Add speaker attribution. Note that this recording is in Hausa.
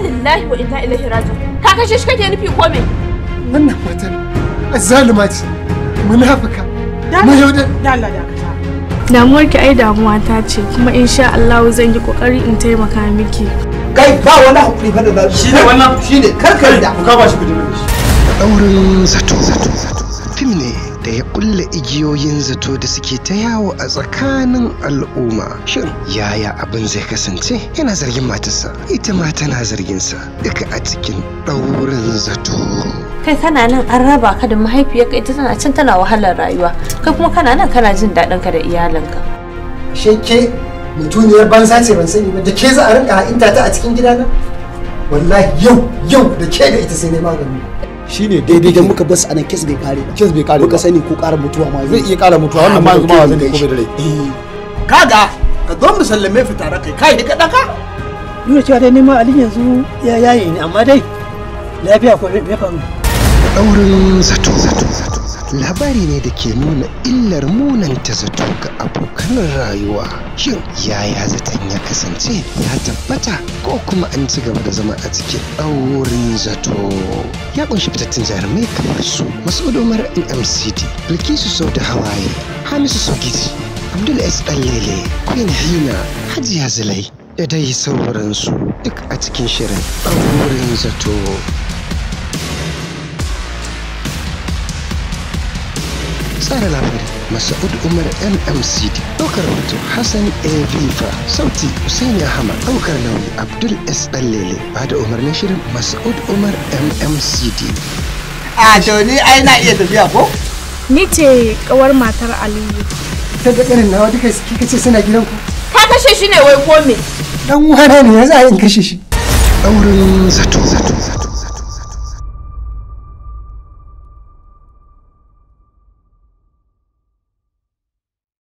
Speaker 1: lillahi wa inna ka kashe shi kake nufi ko me wannan matar zalima ce munafika mayaudar ai damuwa ta ce kuma insha Allah zan yi kokari in taimaka miki kai ba wani hakuri fa da shine wannan karkar da ka ba shi kudi daurin zato zato zato fim ne da ya kulle igiyoyin zato da suke ta yawo a tsakanin al'umma shin yaya abin zai kasance yana zargin matarsa ita ma tana zargin sa, duka a cikin ɗaurin zato kai kana nan an raba ka da mahaifiyarka ita tana can tana wahalar rayuwa kai kuma kana nan kana jin daɗin ka da iyalinka sheke mutuniyar banza ce ban sani ba da ke za a rinka ta a cikin gidana wallahi yau yau da ke da ita sai ne magani shine daidai idan muka su anan kes bai kare ba kes bai kare ba sani ko ƙara mutuwa ma zai iya ƙara mutuwa wannan ma zuma zan ko bai da eh. kaga ka zo mu sallame fita kai kai ka daka duk cewa dai neman alin yanzu ya yayi ne amma dai lafiya ko bai faru daurin zato zato zato labari ne da ke nuna illar munanta zato ga abokan rayuwa shin yaya zaton ya kasance ya tabbata ko kuma an ci gaba da zama a cikin ɗaurin zato ya ƙunshi fitattun jarumai kamar su masu udomar nmcd bilkisu sau da hawaye hamisu sogiji abdul s ɗanlele queen hina hajiya zulai da dai sauransu duk a cikin shirin ɗaurin zato tsara labari masa'ud umar mmcd ɗaukar hoto hassan a vifa sauti husaini ahmad ɗaukar nauyi abdul s ɗanlele ba da umarnin shirin masa'ud umar mmcd a to ni ai na iya tafiya ko ni ce kawar matar aliyu ta da ƙarin nawa duka kika ce suna gidanku ka kashe shi ne wai ko me dan wana ne ya za a yin kashe shi ɗaurin zato zato